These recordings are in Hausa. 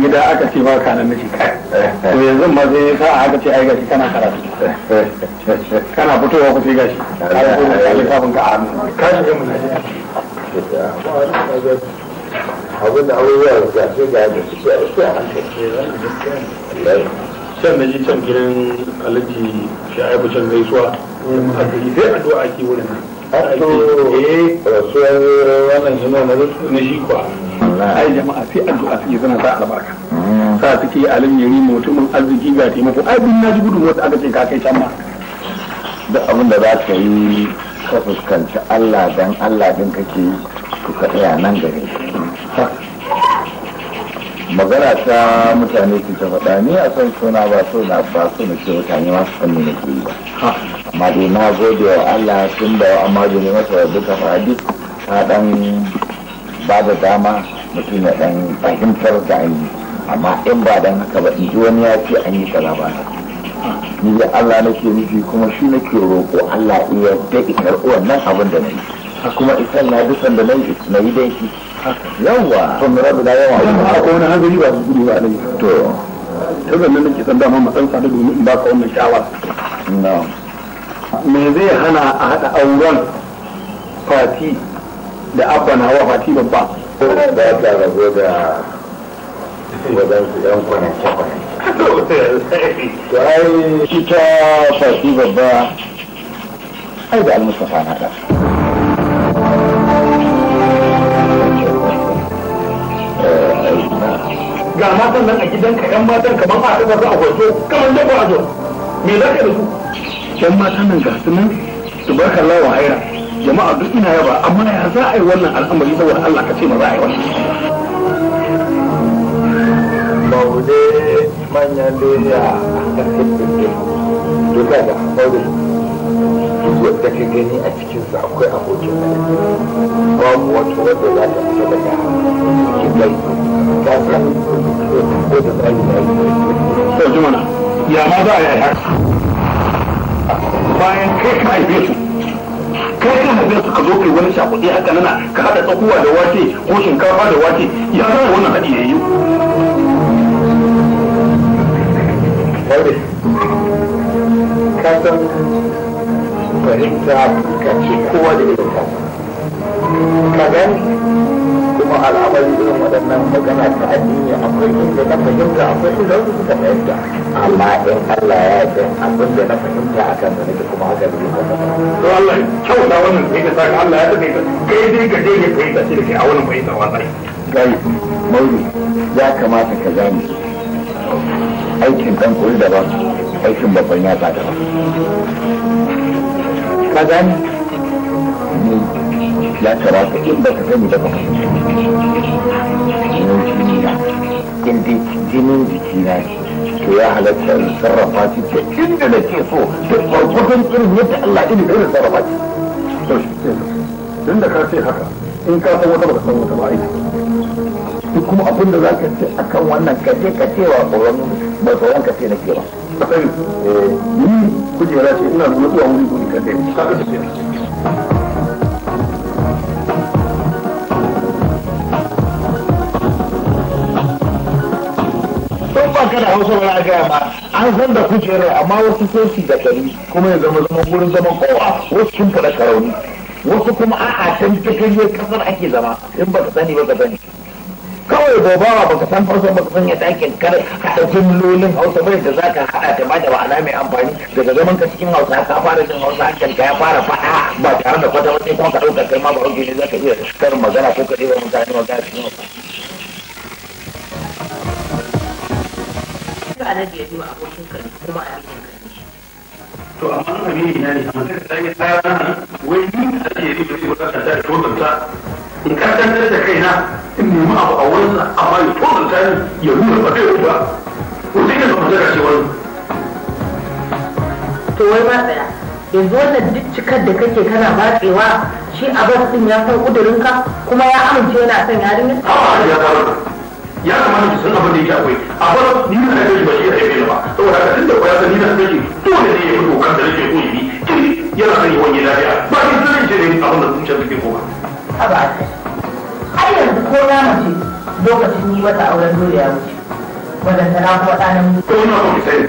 gida aka ce ba ka nan to yanzu ma zai yi sa aka ce ai kana karatu kana fitowa kusa gashi ka shi abin da abubuwa da ga su ce a da can gidan eh, shi suwa a sai ne shi kwa. ai jama'a sai addu'a suke suna sa albarka sa suke alim yari mutumin arziki ga taimako ai bin na ji gudun wata aka ce ka kai can ma duk abin da za ka yi ka fuskanci Allah dan Allah din kake ku to ka tsaya nan gare magana ta mutane su ta faɗa ni a san suna ba so na ba so na ce mutane masu san ne nake yi ba amma dai na gode wa Allah tun da amma da ne masa duka fadi ta dan ba da dama mutum ya dan fahimtar da yi amma in ba dan haka ba ido wani ya ce an yi kaza ba ni da Allah na nake nufi kuma shi na nake roƙo Allah iya da ikar wannan abin da nayi kuma isan na dukan da nayi na yi dai shi yawa to mu rabu da yawa akwai wani hanzari ba su gudu ba ne to ta zannan nake san dama matsan sa da domin ba ka wannan shawara na'am me zai hana a hada auren fati da abba na wa fati babba za ta rabu da wadansu 'yan kwanance-kwanance to ai shi ta fashi babba ai da almustafa na ɗansa ga matan nan a gidanka 'yan matan kamar a taɓa za a kwaso kamar da kwazo me za ka da su 'yan matan nan ga su nan su barkar lawan haira jama'a duk ina yaba amma ya za a yi wannan al'amari saboda Allah ka ce ma za a yi wannan baude manyan leda duka da baude duk wadda ka gani a cikinsa akwai abokin mu wato wadda za ta fita daga cikin ta san ko da tsari na yi sau jimana ya ma za a yi haka bayan kai ka yi kai mu hanyar suka zo kai wani shakuɗi haka nana ka haɗa tsakuwa da wake ko shinkafa da wake ya zama wannan haɗi ya yi fahimta ka ce kowa da ka gani al'amari irin waɗannan magana ta addini akwai inda na fahimta akwai inda wasu suka fahimta amma in Allah ya yi abin da na fahimta a kan nake kuma haka ne. zai to Allah kyauta wannan sai ka saka Allah ya tafi ka kai dai ka je ka fahimta da ke a wannan fahimta wasai. kai mauri ya kamata ka gane aikin dan kuri daban aikin babban ta daban. ka ya kamata in baka sani da ba in dai jinin ne to ya halatta in sarrafa shi ta inda na ke so da gwargwadon irin yadda Allah da irin sarrafa shi to shi ke tun da ka ce haka in ka san wata ba ka san wata ba aiki duk kuma abin da za ka ce akan wannan ka je ka ce wa tsoron ba tsoron ka ce na ke ba. Eh, ni kujera ce ina zuwa wuri guri ka ce. da hausa ba a gaya ma an san da kujerar amma wasu sai da kari kuma ya zama zama wurin zaman kowa wasu sun fada karauni wasu kuma a'a can cikin kasar ake zama in ba ka sani ba ka sani kawai gobawa baka san hausa ka san yadda ake kare haɗa jimlolin hausa bai da ka haɗa ta da ba'ana mai amfani daga zaman ka cikin hausa ka fara jin hausa hakan ka ya fara faɗa ba tare da kwata wata kuma ka ɗauka kai ma ba ne za ka iya karin magana ko ka ɗiba mutane magana cikin hausa alaji ya jima abokin ka kuma aminin ka to amma amini na ne amma kai sai ta nan wai ni da ke yi da wata ta da in ka tantar da kaina in nemi abu a wurinsa amma ya tozanta ni ya nuna ba zai ba ko sai ka zama zaka ce wani to wai ba tsaya yanzu wannan duk cikar da kake kana matsewa shi abin din ya san kudurinka kuma ya amince yana son yarinya? A'a ya faru ya kamata ki san abin da yake akwai a bara ni na gaji ba shi da yake ba saboda haka tunda ko ya san ni na da shi dole ne ya fito kan da yake ko yi kin yana san yi lafiya ba ni zan ce ne abin da zuciya take ko a ba ai yanzu ko ya mace lokacin yi mata auren dole ya wuce wadanda na kuma ɗanan ko yana so ki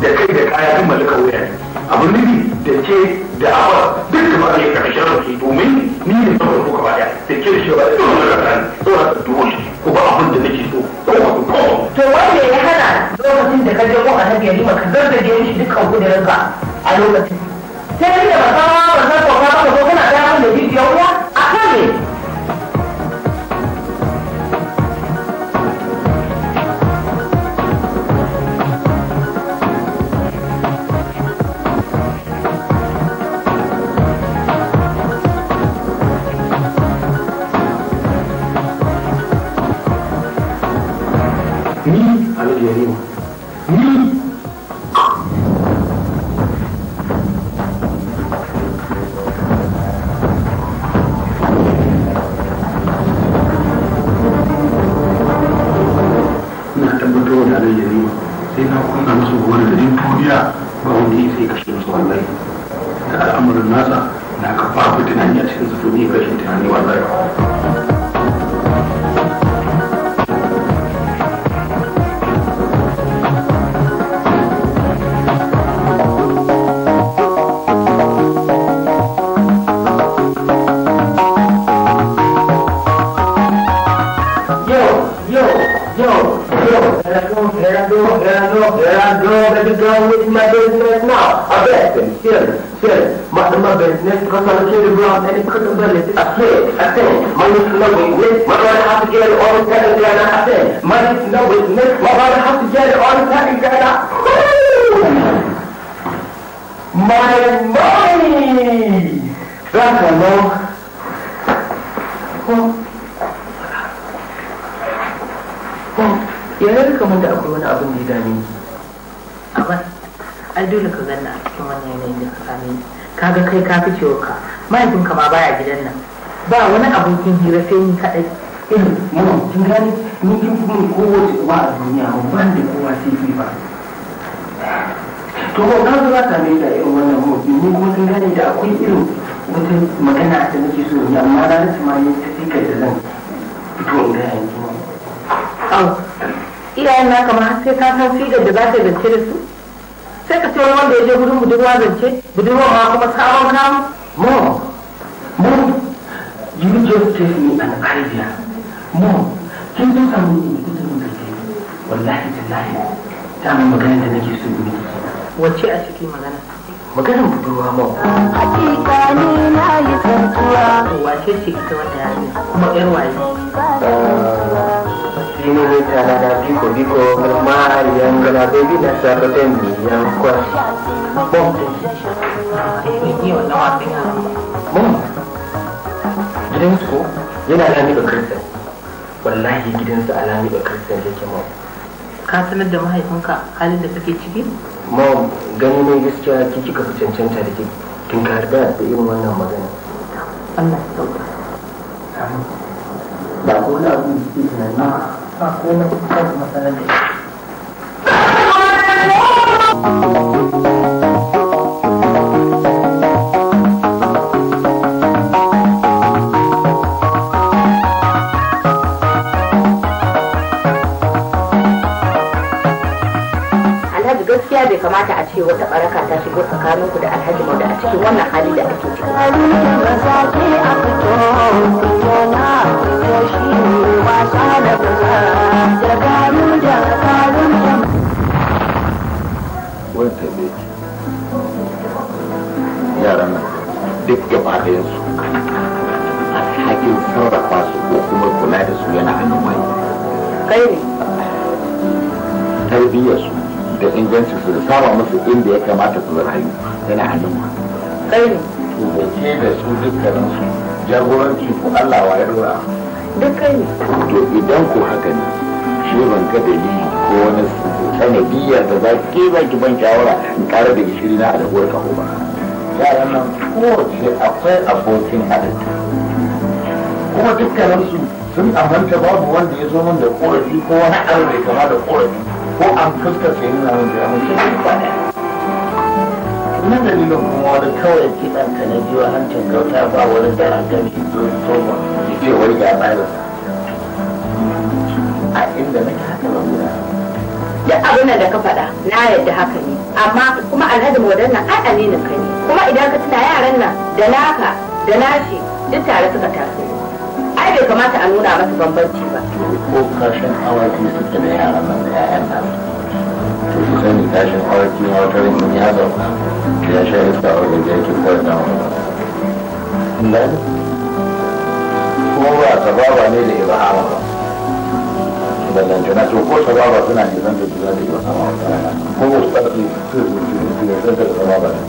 da kai da kaya duk mallakar wuya ne abin nufi da ke da awa duk da ba a yi ƙarshen rafi domin ni ne saboda kuka ba da ke da shi ba da dole da ɗan dole da dole ko ba abin da nake so ko wato ko to wanda ya hana lokacin da ka je ko annabi ya yi maka zarzage mishi dukkan kudirinka a lokacin sai da ba ka ba ba ka ba ka ba kana da abin da jijiya wuya ne sai kashe musu wallahi da al'amarin nasa na haka babu tunani a cikin su kashe tunani wallahi my business now. I bet Arresting, killing, killing. My, my business because I'm killing around any possibility. I play, I thing. Money no business. My brother has to get it all the time. day and I think. Money no business. My brother has to get it all the second day and I My money! That's a no. Oh. Oh. Ya, kamar da akwai wani abin da ya dame. Amma ai dole ka ganna a cikin wannan yanayin da ka sami ni kaga kai ka fi ciwo ka mahaifinka ma baya gidan nan ba wani abokin hira sai ni kadai irin eh, yawan kin gani ni kin fi mun kowace uba a duniya ba ban da kowa sai fi ba to ba na zuwa same da irin wannan hoki ni kuma kin gani da akwai irin wata magana da nake so ni amma na rasa ma ni ta fika da zan fito in ga yanzu iyayen naka ma sai ka san figar da za ta gace da su sai ka sai wanda ya je gudun budurwa zance budurwa ma kuma sabon kamu mom mom you just gave me an idea mo kin san samu ne mutum da ke wallahi tallahi ta mu magana da nake so gudu wacce a cikin magana maganar budurwa mom hakika ni na yi santuwa wace ce ita wata yanzu kuma yar waye ah, ne ne ta da biko biko har Italian con la bebida sardonia qua. Bon. Io no a te. Bon. Gidan su yana alami da kirtan. Wallahi gidan su alami da kirtan ke mu. Ka sanar da mahaifinka halin da kake ciki? Mom, gani ne gaskiya ki kika fi cancanta da ke kin karba da irin wannan magana. Allah ya sauka. Ba ko na abin da ke tunani. Ba Ba ko na kusa da matsalar da tarbiyyarsu da ingancin su da saba musu inda ya kamata su rayu yana hannun mu kai ne da ke da su dukkaninsu su jagoranci ku Allah wa ya dora duk kai ne to idan ku haka ne shi ban ka dalili ko wani sanadiyya da za ke za ki ban shawara in ƙara da gishiri na adabuwar kaho ba yaran nan kowace akwai abokin halitta kuma dukkaninsu sun amince babu wanda ya zo min da korafi ko wani abu kama da korafi ko an fuskar sai nuna mun jira mun ce ba ne na dalilin kuma wani kawai kiɗan ka na jiwa hancin gauta ba wani gani gami don toma ke wani ya bayar a inda nake haka ba guda duk abin da ka faɗa na yadda haka ne amma kuma alhaji modan nan ai aminin ka ne kuma idan ka tuna yaran nan da naka da nashi duk tare suka taso ai bai kamata a nuna masa bambanci ba ko kashin awaki suke da yara nan da ƴaƴan nan to su sani kashin awaki ma wata rikin ya sauka ya sha iska a wajen yake kawai da wani kuma ba sababa ne da ibahama ba ballantana to ko sababa suna ne zan da za yi da ibahama wata rana ko ba su ƙarfi su ne sun da sababa ne.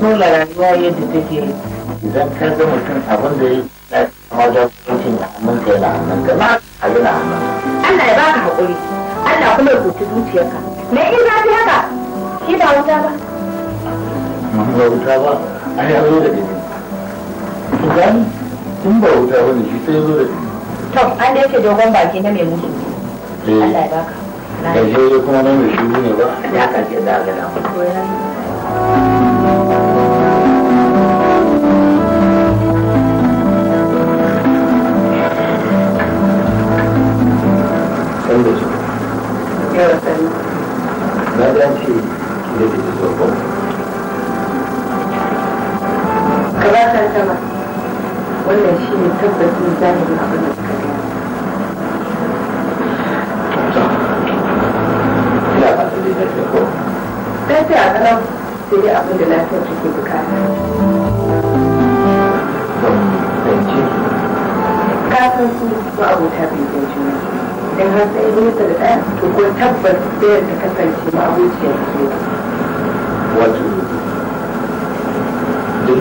Nuna rayuwa yadda take idan ka ga mutum abin da ya amma jagorancin na hannunka yana hannunka na abin na hannunka. Allah ya baka haƙuri Allah kuma ya hutu zuciyarka me in za ta haka shi ba wuta ba. ba wuta ba a yi zo da ɗimi. Gani in ba wuta ba ne shi ta zo da ɗimi. tom an da yake dogon baki na mai musu. Eh. Allah ya baka. Gajere kuma na mai shi ne ba. Da aka ce za a gana.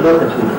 20 минут.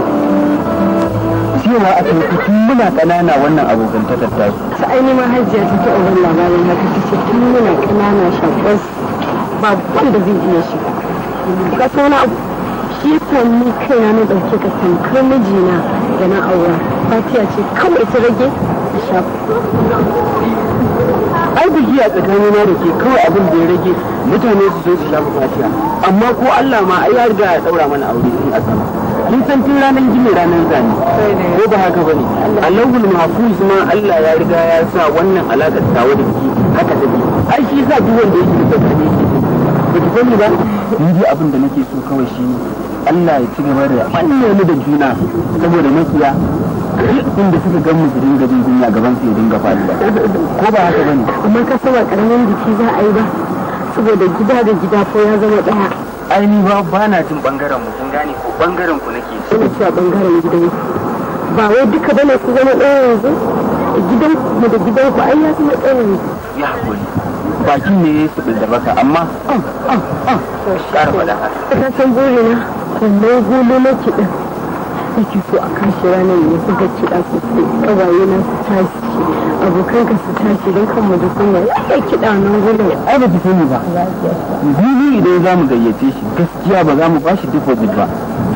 cewa a kai tun muna ƙanana wannan abokan ta tattaku. ta ainihin hajiya ta taɓa labarin haka ta ce tun muna ƙanana shakwas ba wanda zai iya shiga. Ka sauna shi kan ni kai na ɗauke ka tankar mijina da na aura fatiya ce kawai ta rage da shafa. ai biki a tsakanin na da ke kawai abin da ya rage mutane su zo su shafa fatiya amma ko Allah ma ai ya riga ya daura mana aure in a sama kun san tun ranar jimi ranar zane ko ba haka bane allahul mahfuz ma Allah ya riga ya sa wannan alaƙar tawa da ke haka take ai shi sa duk wanda yake da kare shi ba ki sani ba ni dai abin da nake so kawai shi ne Allah ya ci gaba da wannan mu da juna saboda makiya inda suka gan mu su dinga jin gaban su ya dinga faɗuwa ko ba haka bane kuma ka saba karamin jiki za a yi ba saboda gida da gida ko ya zama ɗaya Aini ba ba na jin bangaren mu kun gane ko bangaren ku nake ina cewa bangaren gidan ba wai duka bane ku zama ɗaya yanzu gidan mu da gidan ku ai ya zama ɗaya yanzu ya hakuri bakin ne ya su da baka amma ah, ah, ah, ƙara faɗa ka san burina wannan gulo na kiɗan nake so a kashe ranar ne buga kiɗa sosai ƙawaye na ta tashi abokan ka su tashi don kan mu da kunya ya kiɗa nan gudun ai ba ki sani ba bibi idan za mu gayyace shi gaskiya ba za mu bashi shi deposit ba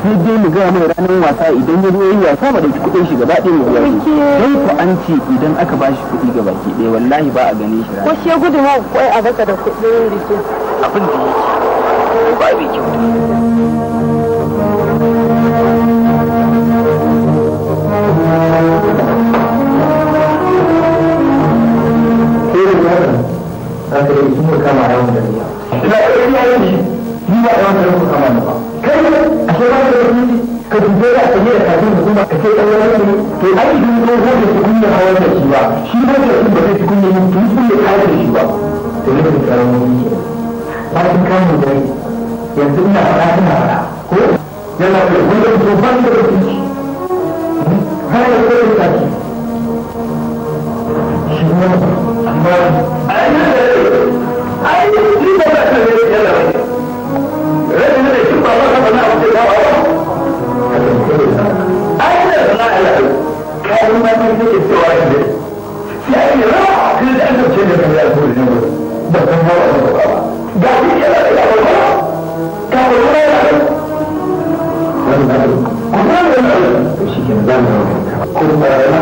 sai dai mu gaya mai ranar wasa idan ya yi wasa ba dauki kuɗin shi gaba ɗaya mu biya shi don ku an ce idan aka bashi kuɗi ga baki ɗaya wallahi ba a gane shi ko shi ya gudu kwai a baka da kuɗin rike abin da yake ba bai kyau da su ka kama yawon da ruwa ina ɗaya ya yi ni ba yawon da ruwa kama ba kai a ce ba da ruwa ka dube da ka yi da kafin da kuma ka ce ɗan wani ne to ai idan ko ko da su kunya hawan da shi ba shi ba da su ba da su kunya yin tun sun da kare da shi ba to ne da tsaron wani ke ba sun kama da yanzu ina faɗa ina faɗa ko yana da wani da ban da ruwa yi ma sun take cewa da an dauke ne ba kan ba ba ba ga da yawa ba ne ya ko ko ne ya shi ke da mu ko ba na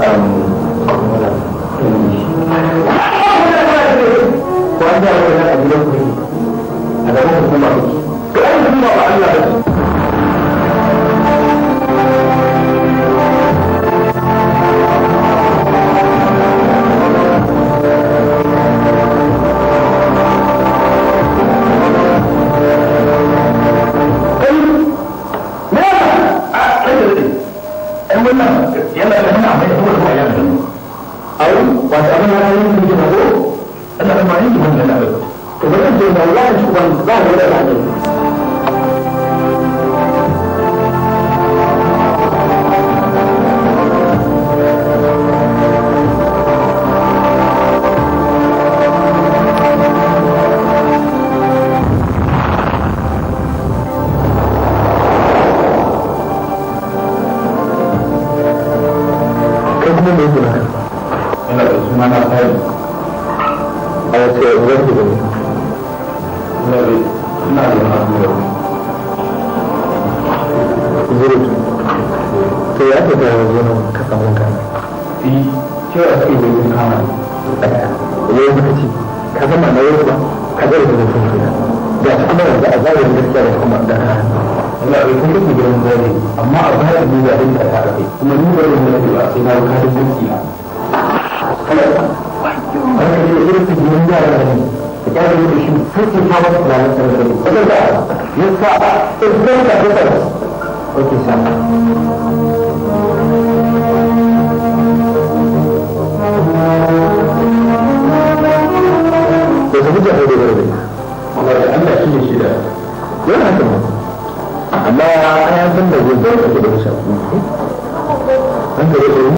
da mu zai yi mutum gida da kuma yanzu a zarin gaskiya da kuma da Allah bai kuma yake gidan zari amma a zarin ne yayin da ta rafe kuma ni bai yi mutum a sai na wuka da gaskiya kada ka ce irin su gidan yara ne da kyara da shi sai su kawo ta da nasarar da ya sa in ka ta ta ta ta ta ta ta daga miji a daidai barbe da Allah shi ne shi da yana haka ma amma an san da zai zai da kusa an da